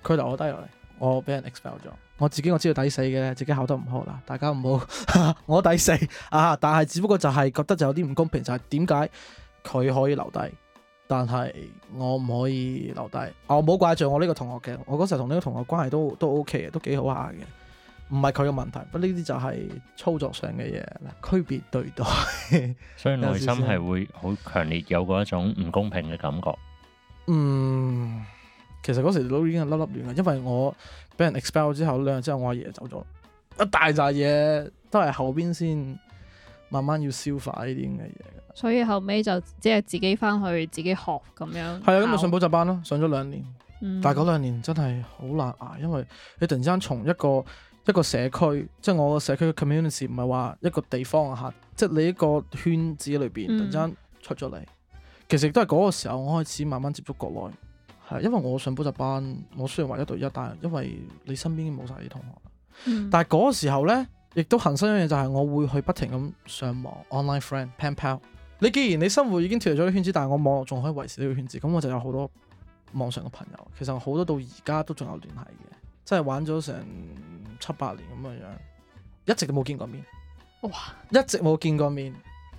佢留我低落嚟。我俾人 expel 咗，我自己我知道抵死嘅，自己考得唔好啦。大家唔好， 我抵死啊！但係只不過就係覺得就有啲唔公平，就係點解佢可以留低，但係我唔可以留低。我冇怪罪我呢個同學嘅，我嗰時候同呢個同學關係都都 OK 嘅，都幾好下嘅，唔係佢嘅問題。不呢啲就係操作上嘅嘢，區別對待， 所以內心係會好強烈有嗰一種唔公平嘅感覺。嗯。其實嗰時都已經係粒粒亂啦，因為我俾人 expel 之後兩日之後，我阿爺走咗，一大扎嘢都係後邊先慢慢要消化呢啲咁嘅嘢。所以後尾就即係自己翻去自己學咁樣。係啊，咁就上補習班咯，上咗兩年，嗯、但係嗰兩年真係好難捱，因為你突然之間從一個一個社區，即係我個社區嘅 community 唔係話一個地方啊吓，即係、嗯、你一個圈子裏邊突然之間出咗嚟，嗯、其實都係嗰個時候我開始慢慢接觸國內。因為我上補習班，我雖然話一對一，但係因為你身邊已經冇晒啲同學。嗯。但係嗰個時候呢，亦都行新一樣就係，我會去不停咁上網 online friend，pen pal，你既然你生活已經脫離咗啲圈子，但係我網絡仲可以維持呢個圈子，咁我就有好多網上嘅朋友。其實好多到而家都仲有聯繫嘅，即係玩咗成七八年咁嘅樣，一直都冇見過面。哇！一直冇見過面。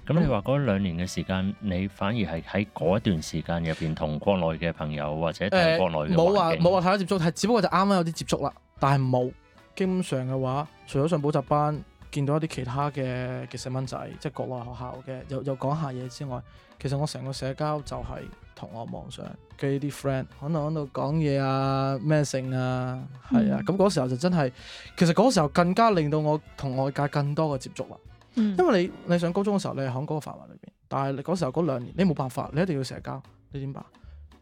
咁、嗯、你話嗰兩年嘅時間，你反而係喺嗰一段時間入邊同國內嘅朋友或者誒國內嘅冇話冇話太多接觸，係只不過就啱啱有啲接觸啦，但係冇。基本上嘅話，除咗上補習班見到一啲其他嘅嘅細蚊仔，即係國內學校嘅，又又講下嘢之外，其實我成個社交就係同我網上嘅啲 friend 可能喺度講嘢啊咩性啊，係啊，咁嗰、啊那個、時候就真係，其實嗰時候更加令到我同外界更多嘅接觸啦。因為你你上高中嘅時候，你係喺嗰個範圍裏邊，但係你嗰時候嗰兩年，你冇辦法，你一定要社交，你點辦？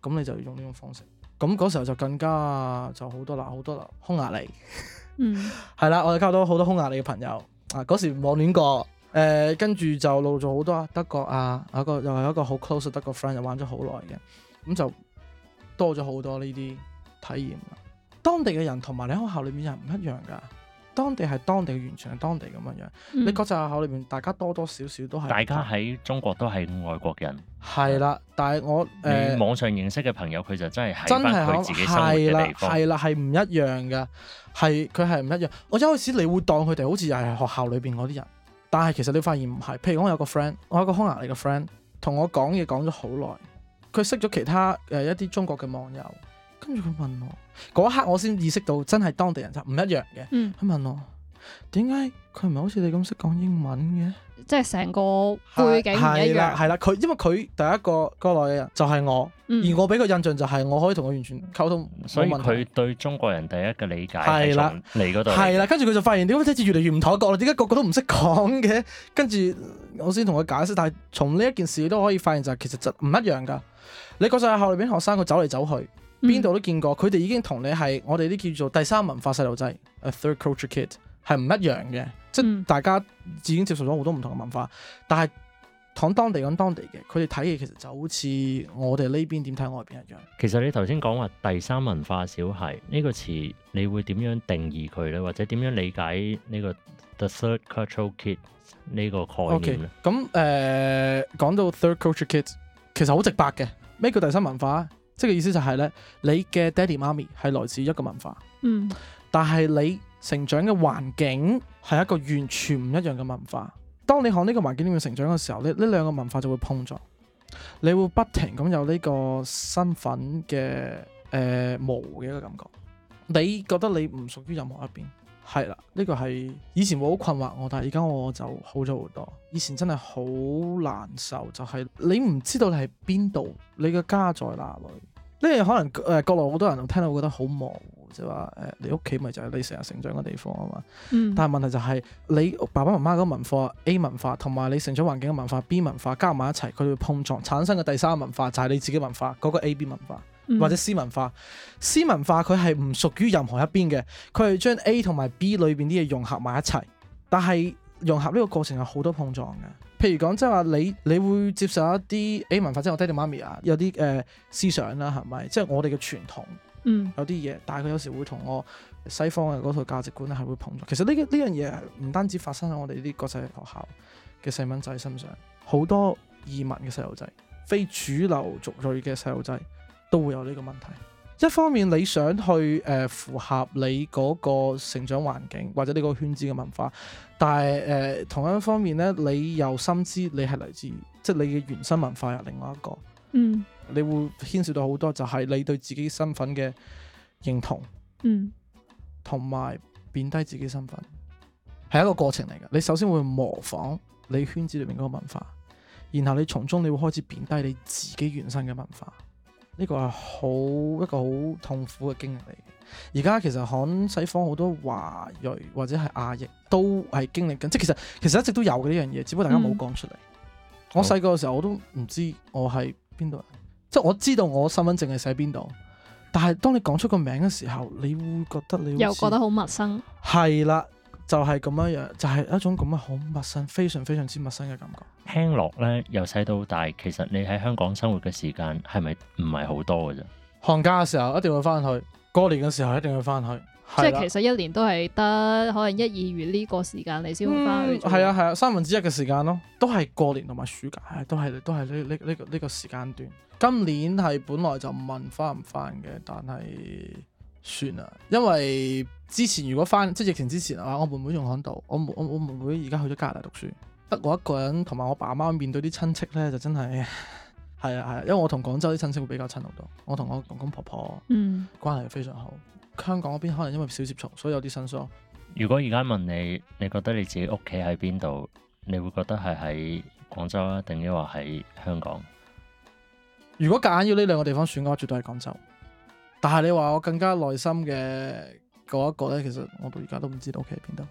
咁你就要用呢種方式。咁嗰時候就更加就好多啦，好多啦，匈牙利。 嗯，係啦，我哋交到好多匈牙利嘅朋友。啊，嗰時網戀過，呃、跟住就露咗好多、啊、德國啊，有一個又係一個好 close 嘅德國 friend，又玩咗好耐嘅，咁就多咗好多呢啲體驗。當地嘅人同埋你喺學校裏面又唔一樣㗎。當地係當地，完全係當地咁樣樣。嗯、你國際學校裏邊，大家多多少少都係。大家喺中國都係外國人。係啦，但係我誒。呃、你網上認識嘅朋友，佢就真係喺翻佢自己生活嘅地方。係啦，係唔一樣嘅，係佢係唔一樣。我一開始你會當佢哋好似又係學校裏邊嗰啲人，但係其實你發現唔係。譬如我有個 friend，我有個匈牙利嘅 friend，同我講嘢講咗好耐，佢識咗其他誒一啲中國嘅網友，跟住佢問我嗰一刻，我先意識到真係當地人就唔一樣嘅。佢、嗯、問我點解佢唔係好似你咁識講英文嘅？即係成個背景唔一樣啦。佢、啊、因為佢第一個過來嘅人就係我，嗯、而我俾佢印象就係我可以同佢完全溝通，所以佢對中國人第一嘅理解係啦嚟度係啦。跟住佢就發現點解即係越嚟越唔妥覺啦？點解個個都唔識講嘅？跟住我先同佢解釋，但係從呢一件事都可以發現就係其實就唔一樣㗎。你嗰陣校裏邊學生佢走嚟走去。邊度都見過，佢哋已經同你係我哋啲叫做第三文化細路仔，a third culture kid，係唔一樣嘅，即係大家已經接受咗好多唔同嘅文化，但係講當地講當地嘅，佢哋睇嘅其實就好似我哋呢邊點睇外邊一樣。其實你頭先講話第三文化小孩呢個詞，你會點樣定義佢咧？或者點樣理解呢個 the third culture kid 呢個概念咧？咁誒、okay, 呃，講到 third culture kid，其實好直白嘅，咩叫第三文化？即係意思就係咧，你嘅爹地媽咪係來自一個文化，嗯，但係你成長嘅環境係一個完全唔一樣嘅文化。當你喺呢個環境裏面成長嘅時候，咧呢兩個文化就會碰撞，你會不停咁有呢個身份嘅誒模嘅一個感覺。你覺得你唔屬於任何一邊？係啦，呢、這個係以前會好困惑我，但係而家我就好咗好多。以前真係好難受，就係、是、你唔知道你喺邊度，你嘅家在哪裏。呢、這、啲、個、可能誒、呃、國內好多人聽到覺得好忙，即係話誒你屋企咪就係你成日成長嘅地方啊嘛。但係問題就係、是、你爸爸媽媽嘅文化 A 文化，同埋你成長環境嘅文化 B 文化加埋一齊，佢哋會碰撞產生嘅第三個文化就係、是、你自己文化嗰、那個 A B 文化。或者 C 文化，C 文化佢係唔屬於任何一邊嘅，佢係將 A 同埋 B 裏邊啲嘢融合埋一齊。但係融合呢個過程有好多碰撞嘅，譬如講，即係話你你會接受一啲 A 文化，即係我爹哋媽咪啊，有啲誒、呃、思想啦，係咪？即係我哋嘅傳統，嗯、有啲嘢，但係佢有時會同我西方嘅嗰套價值觀咧，係會碰撞。其實呢呢樣嘢唔單止發生喺我哋啲國際學校嘅細蚊仔身上，好多移民嘅細路仔，非主流族裔嘅細路仔，都會有呢個問題。一方面你想去誒、呃、符合你嗰個成長環境或者呢個圈子嘅文化，但係誒、呃，同一方面呢你又深知你係嚟自，即係你嘅原生文化又另外一個。嗯，你會牽涉到好多，就係你對自己身份嘅認同，嗯，同埋貶低自己身份係一個過程嚟嘅。你首先會模仿你圈子裏面嗰個文化，然後你從中你會開始貶低你自己原生嘅文化。呢個係好一個好痛苦嘅經歷嚟。而家其實喺西方好多華裔或者係亞裔都係經歷緊，即係其實其實一直都有嘅呢樣嘢，只不過大家冇講出嚟。嗯、我細個嘅時候我都唔知我係邊度人，好即係我知道我身份證係寫邊度，但係當你講出個名嘅時候，你會覺得你會又覺得好陌生，係啦。就係咁樣樣，就係、是、一種咁樣好陌生、非常非常之陌生嘅感覺。聽落咧，由細到大，其實你喺香港生活嘅時間係咪唔係好多嘅啫？寒假嘅時候一定會翻去，過年嘅時候一定會翻去。即係其實一年都係得可能一二月呢個時間你先會翻去。係啊係啊，三分之一嘅時間咯，都係過年同埋暑假，都係都係呢呢呢個呢、這個這個時間段。今年係本來就問翻唔翻嘅，但係。算啦，因為之前如果翻即係疫情之前啊，我妹妹仲響度，我妹，我我妹妹而家去咗加拿大讀書，得我一個人同埋我爸媽面對啲親戚咧，就真係。係啊係啊，因為我同廣州啲親戚會比較親好多，我同我公公婆婆嗯，關係非常好，香港嗰邊可能因為少接觸，所以有啲生疏。如果而家問你，你覺得你自己屋企喺邊度？你會覺得係喺廣州啊，定抑或喺香港？如果夾硬要呢兩個地方選嘅話，絕對係廣州。但係你話我更加內心嘅嗰一個咧，其實我到而家都唔知道屋企喺邊度，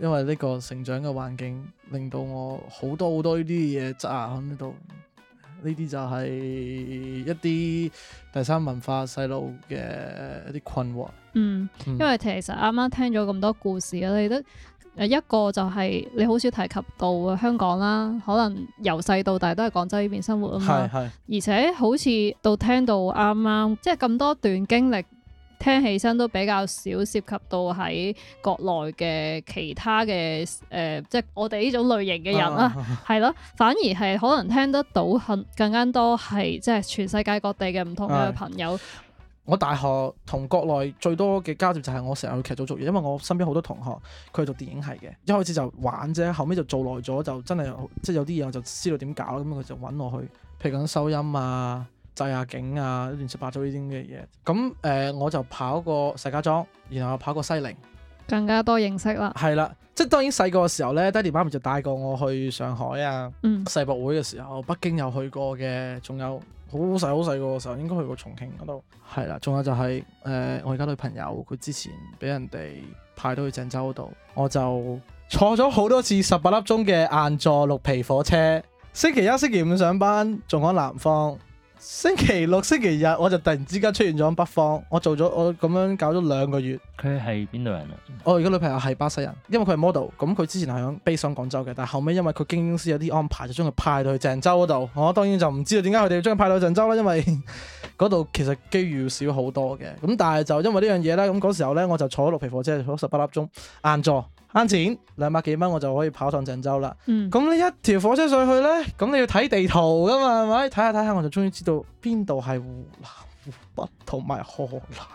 因為呢個成長嘅環境令到我好多好多呢啲嘢積壓喺呢度，呢啲就係一啲第三文化細路嘅一啲困惑。嗯，因為其實啱啱聽咗咁多故事，你都。一個就係你好少提及到香港啦，可能由細到大都係廣州呢邊生活咁咯。係係。而且好似到聽到啱啱，即係咁多段經歷，聽起身都比較少涉及到喺國內嘅其他嘅誒，即係我哋呢種類型嘅人啦，係咯。 反而係可能聽得到更更加多係即係全世界各地嘅唔同嘅朋友。我大學同國內最多嘅交接就係我成日去劇組做嘢，因為我身邊好多同學佢係做電影系嘅，一開始就玩啫，後尾就做耐咗就真係即係有啲嘢、即係、我就知道點搞啦，咁佢就揾我去，譬如講收音啊、製下景啊、亂七八糟呢啲咁嘅嘢。咁誒、呃、我就跑過石家莊，然後又跑過西寧，更加多認識啦。係啦。即係當然細個嘅時候呢，爹地媽咪就帶過我去上海啊，嗯、世博會嘅時候，北京有去過嘅，仲有好細好細個嘅時候應該去過重慶嗰度，係啦，仲有就係、是、誒、呃、我而家女朋友，佢之前俾人哋派到去鄭州度，我就坐咗好多次十八粒鐘嘅硬座綠皮火車，星期一星期五上班，仲喺南方。星期六、星期日我就突然之間出現咗喺北方，我做咗我咁樣搞咗兩個月。佢係邊度人啊？我而家女朋友係巴西人，因為佢係 model，咁佢之前係響 base on 廣州嘅，但後尾因為佢經司有啲安排，就將佢派到去鄭州嗰度。我當然就唔知道點解佢哋要將佢派到鄭州啦，因為嗰度其實機遇少好多嘅。咁但係就因為呢樣嘢啦。咁嗰時候呢，我就坐綠皮火車，坐十八粒鐘硬座。慳錢兩百幾蚊，我就可以跑上鄭州啦。咁、嗯、你一條火車上去呢，咁你要睇地圖噶嘛，係咪？睇下睇下，我就終於知道邊度係湖南、啊、湖北同埋河南。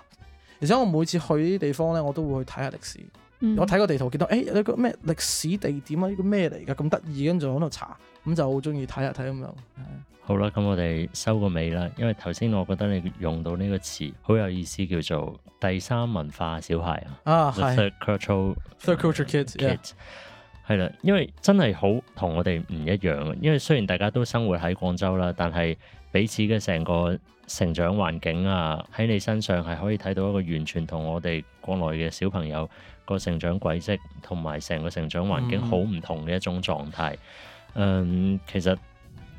而且我每次去呢啲地方呢，我都會去睇下歷史。嗯、我睇個地圖見到，誒，有個咩歷史地點啊？呢個咩嚟噶？咁得意，跟住喺度查，咁就好中意睇下睇咁樣。看好啦，咁我哋收個尾啦。因為頭先我覺得你用到呢個詞好有意思，叫做第三文化小孩啊。啊，Third culture，third culture kids，係啦 Kids，Yeah. 因為真係好同我哋唔一樣。因為雖然大家都生活喺廣州啦，但係彼此嘅成個成長環境啊，喺你身上係可以睇到一個完全同我哋國內嘅小朋友成軌跡個成長軌跡同埋成個成長環境好唔同嘅一種狀態。嗯，嗯，其實。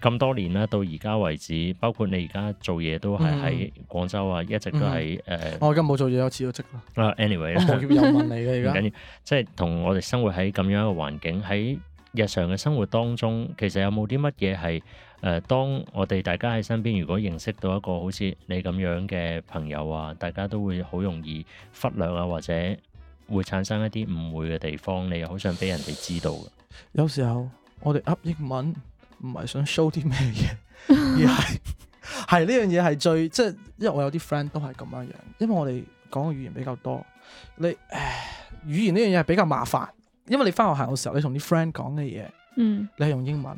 咁多年啦，到而家為止，包括你而家做嘢都係喺廣州啊，嗯、一直都係誒、嗯呃哦。我而家冇做嘢，anyway, 我辭咗職啦。anyway 學英文嚟而家。唔緊要，即係同我哋生活喺咁樣一個環境，喺日常嘅生活當中，其實有冇啲乜嘢係誒？當我哋大家喺身邊，如果認識到一個好似你咁樣嘅朋友啊，大家都會好容易忽略啊，或者會產生一啲誤會嘅地方，你好想俾人哋知道。 有時候我哋噏英文。唔係想 show 啲咩嘢，而係係呢樣嘢係最即係，因為我有啲 friend 都係咁樣樣，因為我哋講嘅語言比較多，你誒語言呢樣嘢係比較麻煩，因為你返學校嘅時候，你同啲 friend 講嘅嘢，嗯，你係用英文。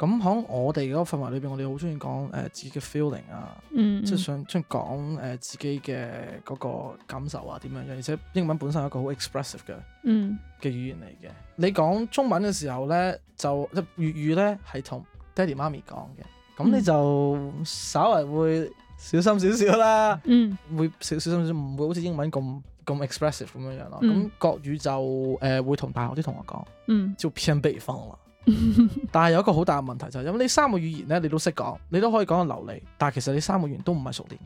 咁喺、嗯、我哋嗰個氛圍裏邊，我哋好中意講誒自己嘅 feeling 啊，嗯、即係想出講誒自己嘅嗰個感受啊點樣樣，而且英文本身係一個好 expressive 嘅嘅、嗯、語言嚟嘅。你講中文嘅時候咧，就即係、就是、粵語咧係同爹哋媽咪講嘅，咁你就稍為會小心少少啦，嗯，會小心少少，唔會，會好似英文咁咁 expressive 咁樣樣咯。咁、嗯、國語就誒、呃、會同大學啲同學講，嗯，就偏北方啦。嗯 但係有一個好大嘅問題就係、是，咁呢三個語言咧，你都識講，你都可以講到流利，但係其實呢三個語言都唔係熟練嘅。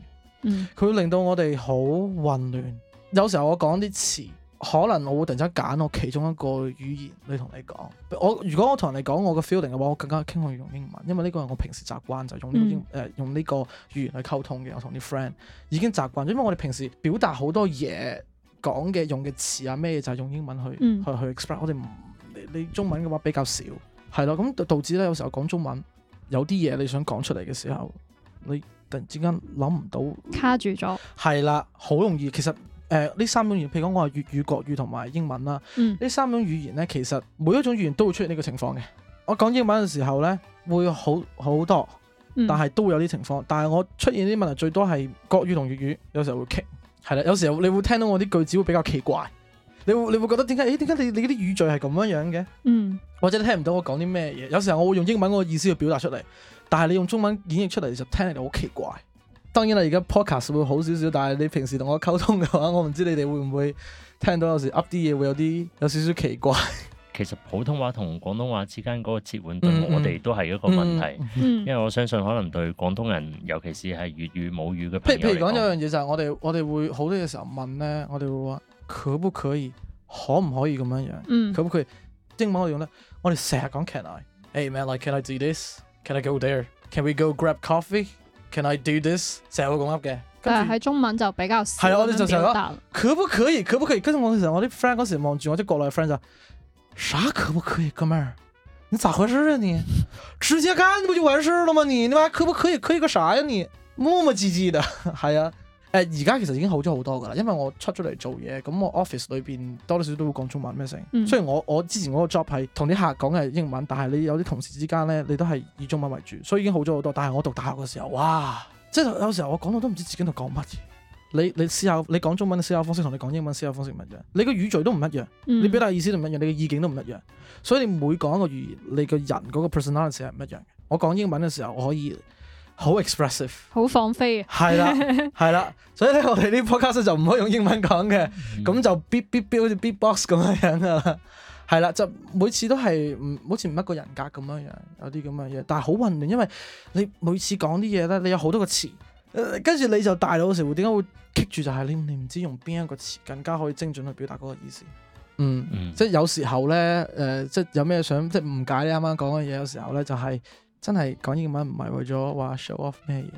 嗯，佢令到我哋好混亂。有時候我講啲詞，可能我會突然之間揀我其中一個語言嚟同你講。我如果我同人哋講我嘅 feeling 嘅話，我更加傾向用英文，因為呢個係我平時習慣就係、是、用呢個英誒、嗯呃、用呢個語言去溝通嘅。我同啲 friend 已經習慣咗，因為我哋平時表達好多嘢，講嘅用嘅詞啊咩就係用英文去、嗯、去去 express。我哋唔。你中文嘅話比較少，係咯，咁導致咧有時候講中文有啲嘢你想講出嚟嘅時候，你突然之間諗唔到卡住咗，係啦，好容易。其實誒呢、呃、三種語言，譬如講我係粵語、國語同埋英文啦，呢、嗯、三種語言呢，其實每一種語言都會出現呢個情況嘅。我講英文嘅時候呢，會好好多，但係都會有啲情況。嗯、但係我出現啲問題最多係國語同粵語，有時候會卡，係啦。有時候你會聽到我啲句子會比較奇怪。你會你會覺得點解？誒點解你你啲語序係咁樣樣嘅？嗯，或者你聽唔到我講啲咩嘢。有時候我會用英文嗰個意思去表達出嚟，但係你用中文演繹出嚟，就聽嚟好奇怪。當然啦，而家 podcast 會好少少，但係你平時同我溝通嘅話，我唔知你哋會唔會聽到有時噏啲嘢會有啲有少少奇怪。其實普通話同廣東話之間嗰個切換對我哋都係一個問題，嗯嗯嗯、因為我相信可能對廣東人，尤其是係粵語母語嘅朋友。譬如譬如講一樣嘢就係我哋我哋會好多嘢時候問咧，我哋會話。可不可，不可，可不可以？可唔可以咁樣樣？可不可以？正冇用呢？我哋成日講 can I，誒，man，like can I do this？Can I go there？Can we go grab coffee？Can I do this？成日會講嘅。但係喺中文就比較少咁表達。可唔可以？可唔可以？跟住我哋成日，我啲 friend 嗰時望住，我啲國內 friend 就：，啥可唔可以，哥們兒？你咋回事啊你？直接幹不就完事了嗎你？你媽可不可以？可以個啥呀、啊、你？磨磨唧唧的，係啊。誒而家其實已經好咗好多噶啦，因為我出咗嚟做嘢，咁我 office 裏邊多多少少都會講中文咩聲。嗯、雖然我我之前嗰個 job 係同啲客講嘅英文，但係你有啲同事之間咧，你都係以中文為主，所以已經好咗好多。但係我讀大學嘅時候，哇！即係有時候我講到都唔知自己喺度講乜嘢。你你思考你講中文嘅思考方式同你講英文思考方式唔一樣，你嘅語序都唔一樣，你表達意思都唔一樣，嗯、你嘅意境都唔一樣。所以你每講一個語言，你個人嗰個 personality 係唔一樣嘅。我講英文嘅時候，我可以。好 expressive，好放飛啊！係啦，係啦，所以咧，我哋啲 podcast 就唔可以用英文講嘅，咁 就 b e b e beat b e box 咁樣樣啦，係啦，就每次都係唔好似唔一個人格咁樣樣，有啲咁嘅嘢，但係好混亂，因為你每次講啲嘢咧，你有好多個詞，跟、呃、住你就大腦成日會點解會棘住，就係、是、你你唔知用邊一個詞更加可以精準去表達嗰個意思。嗯，嗯即係有時候咧，誒、呃，即係有咩想即係誤解你啱啱講嘅嘢，有時候咧就係、是。真係講英文唔係為咗話 show off 咩嘢，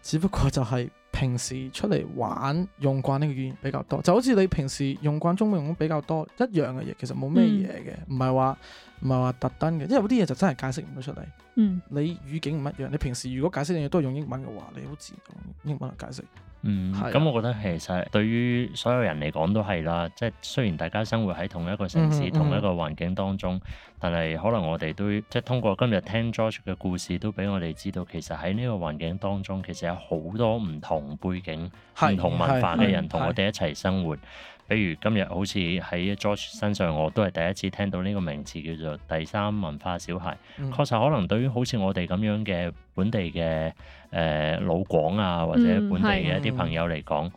只不過就係平時出嚟玩用慣呢個語言比較多，就好似你平時用慣中文用得比較多一樣嘅嘢，其實冇咩嘢嘅，唔係話唔係話特登嘅，因為有啲嘢就真係解釋唔到出嚟。嗯、你語境唔一樣，你平時如果解釋嘢都係用英文嘅話，你好自然用英文嚟解釋。嗯，咁、啊嗯、我覺得其實對於所有人嚟講都係啦，即係雖然大家生活喺同一個城市、嗯嗯、同一個環境當中。但係可能我哋都即係通過今日聽 George 嘅故事，都俾我哋知道，其實喺呢個環境當中，其實有好多唔同背景、唔是同文化嘅人同我哋一齊生活。比如今日好似喺 George 身上，我都係第一次聽到呢個名詞叫做第三文化小孩。確、嗯、實可能對於好似我哋咁樣嘅本地嘅誒、呃、老廣啊，或者本地嘅一啲朋友嚟講，嗯嗯、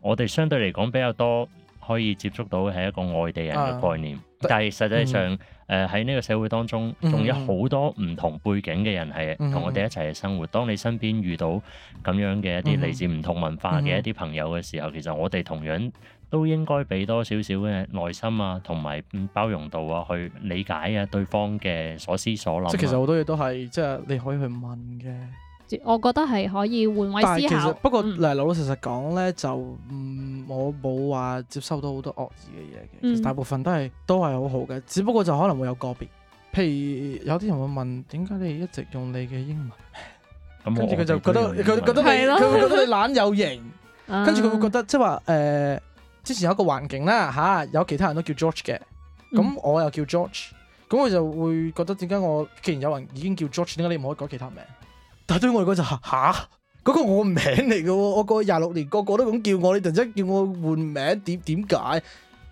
我哋相對嚟講比較多，可以接觸到嘅係一個外地人嘅概念，啊、但係實際上，誒喺呢個社會當中，仲、嗯、有好多唔同背景嘅人係同我哋一齊嘅生活。嗯、當你身邊遇到咁樣嘅一啲嚟自唔同文化嘅一啲朋友嘅時候，嗯嗯、其實我哋同樣都應該俾多少少嘅耐心啊，同埋包容度啊，去理解啊對方嘅所思所諗、嗯。即係其實好多嘢都係，即係你可以去問嘅。我覺得係可以換位思考，嗯、不過嗱老老實實講咧，就、嗯、我冇話接收到好多惡意嘅嘢嘅，嗯、其實大部分都係都係好好嘅。只不過就可能會有個別，譬如有啲人會問點解你一直用你嘅英文，咁、嗯、跟住佢就覺得佢、嗯、覺得你佢佢佢懶有型， 跟住佢會覺得即係話誒之前有一個環境啦嚇、啊，有其他人都叫 George 嘅，咁、嗯、我又叫 George，咁佢就會覺得點解我既然有人已經叫 George，點解你唔可以改其他名？但對我嚟講就吓，嗰、嗰個我個名嚟嘅喎，我個廿六年個個都咁叫我，你突然之間叫我換名，點點解？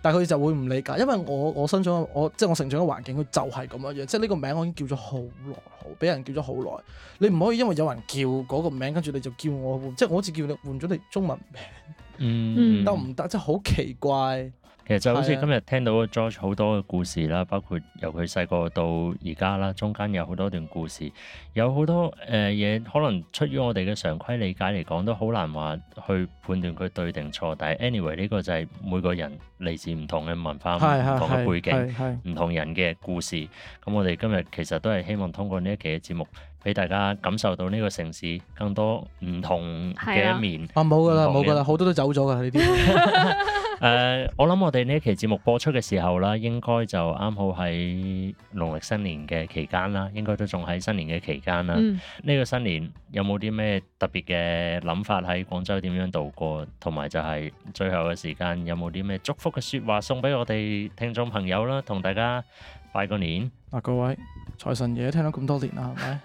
但係佢就會唔理解，因為我我身上我即係我成長嘅環境，佢就係咁樣樣，即係呢個名我已經叫咗好耐，好俾人叫咗好耐，你唔可以因為有人叫嗰個名，跟住你就叫我換，即係我好似叫你換咗你中文名，嗯得唔得？即係好奇怪。其實就好似今日聽到 George 好多嘅故事啦，包括由佢細個到而家啦，中間有好多段故事，有好多誒嘢、呃，可能出於我哋嘅常規理解嚟講，都好難話去判斷佢對定錯。但係 anyway 呢個就係每個人嚟自唔同嘅文化、唔是同嘅背景、唔同人嘅故事。咁、嗯、我哋今日其實都係希望通過呢一期嘅節目。俾大家感受到呢個城市更多唔同嘅一面。啊冇噶啦，冇噶啦，好多都走咗噶呢啲。誒、 呃，我諗我哋呢一期節目播出嘅時候啦，應該就啱好喺農曆新年嘅期間啦，應該都仲喺新年嘅期間啦。呢、嗯、個新年有冇啲咩特別嘅諗法喺廣州點樣度過？同埋就係最後嘅時間，有冇啲咩祝福嘅說話送俾我哋聽眾朋友啦？同大家。拜個年嗱、啊，各位財神爺聽咗咁多年啦，係咪？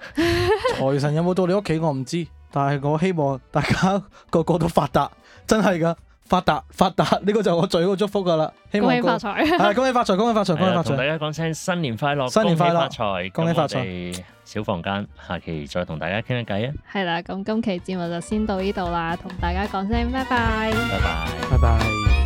財 神有冇到你屋企我唔知，但係我希望大家個個都發達，真係噶發達發達呢、呢個就係我最好祝福噶啦、哎。恭喜發財，係恭喜發財，恭喜發財，恭喜發財。同大家講聲新年快樂，新年快樂，快樂恭喜發財，恭喜發財。小房間下期再同大家傾下偈啊。係啦，咁今期節目就先到呢度啦，同大家講聲拜拜。拜拜，拜拜。